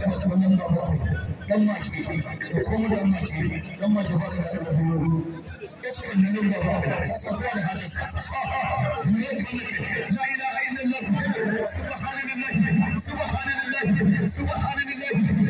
kana da wannan ba bakwai dan ma ke da kuma dan ma ke dan ma ke baka da ɗan biyu iskar da nan ba bakwai ka san kowa da hajjar sa ya ga la subhanallahi subhanallahi subhanallahi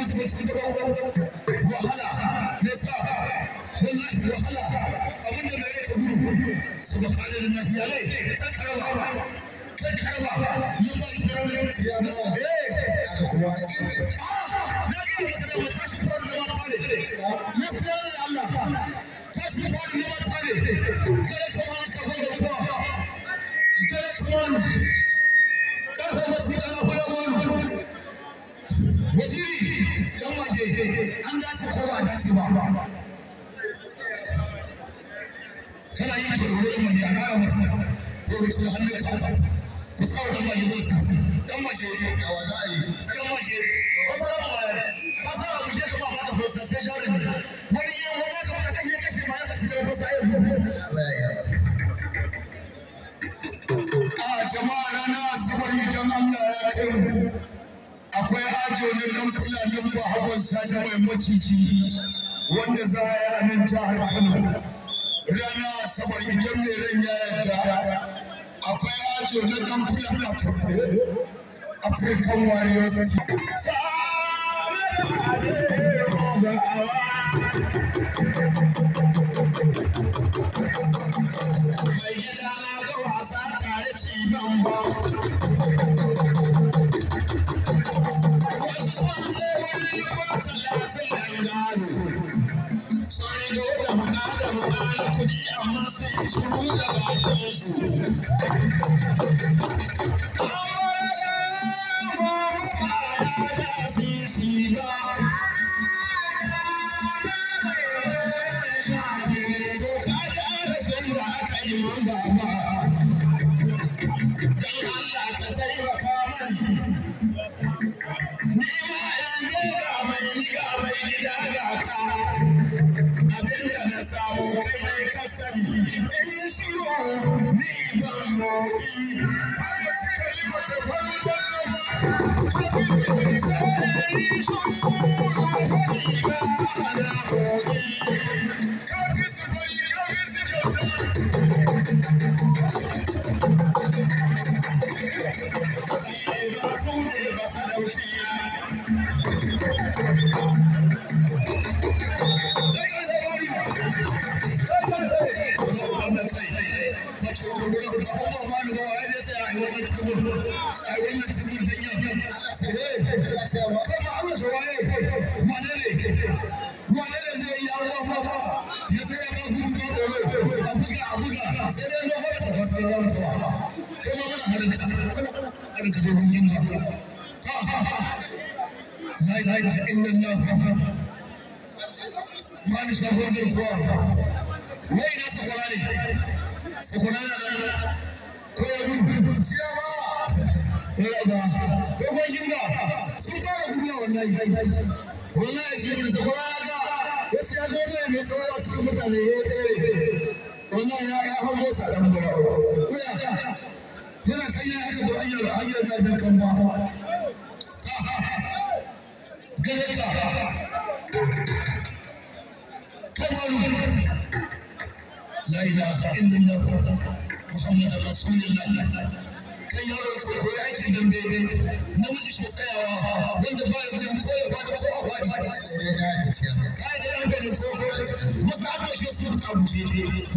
namiji bai shiga ba wahala ne sa wallahi wahala abin da A yake gudu saboda kalin na ya ne ta karaba ta karaba ya ba shi rawa ya na eh aka kuma ah na ga ka da wata shi gobe cikin hannunka ku tsara dan ga a dan ba mu ba je kuma ba sai wani wani ma ya a jama'a rana asabar idan Allah ya kai akwai ajo na dan mai maciji wanda za a yi a nan jihar Kano rana asabar idan mai ran ya yarda akwai rajo na dan fulana fulani african warriors team mu bada kuɗi amma sai a ci mu a buga a buga sai dai na fara ta fasa kuwa kai ma harin ka harin ka la ilaha ma ni kuwa wai na na nan ko ya ma ya ba sun fara wallahi wallahi shi ya ya zo ne a mutane ya wannan ya hau mota dan bura wuya yana kan ya haka ba hanyar ba hanyar da ta kan ba gare ka kamaru la ilaha illallah muhammadur rasulullah kan yaron ko ko aikin nan bai namiji ke tsayawa wanda ba ya zai ko ya ko a bada kai da yan gani ko wasu an da ke sun kabuje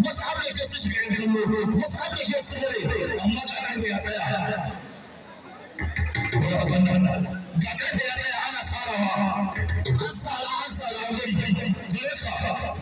wasu an ke sun shiga yan kallo wasu an ke sun dare amma ga nan ya tsaya ko abin ga kan da ya tsaya ana tsarawa an tsara an tsara wani ka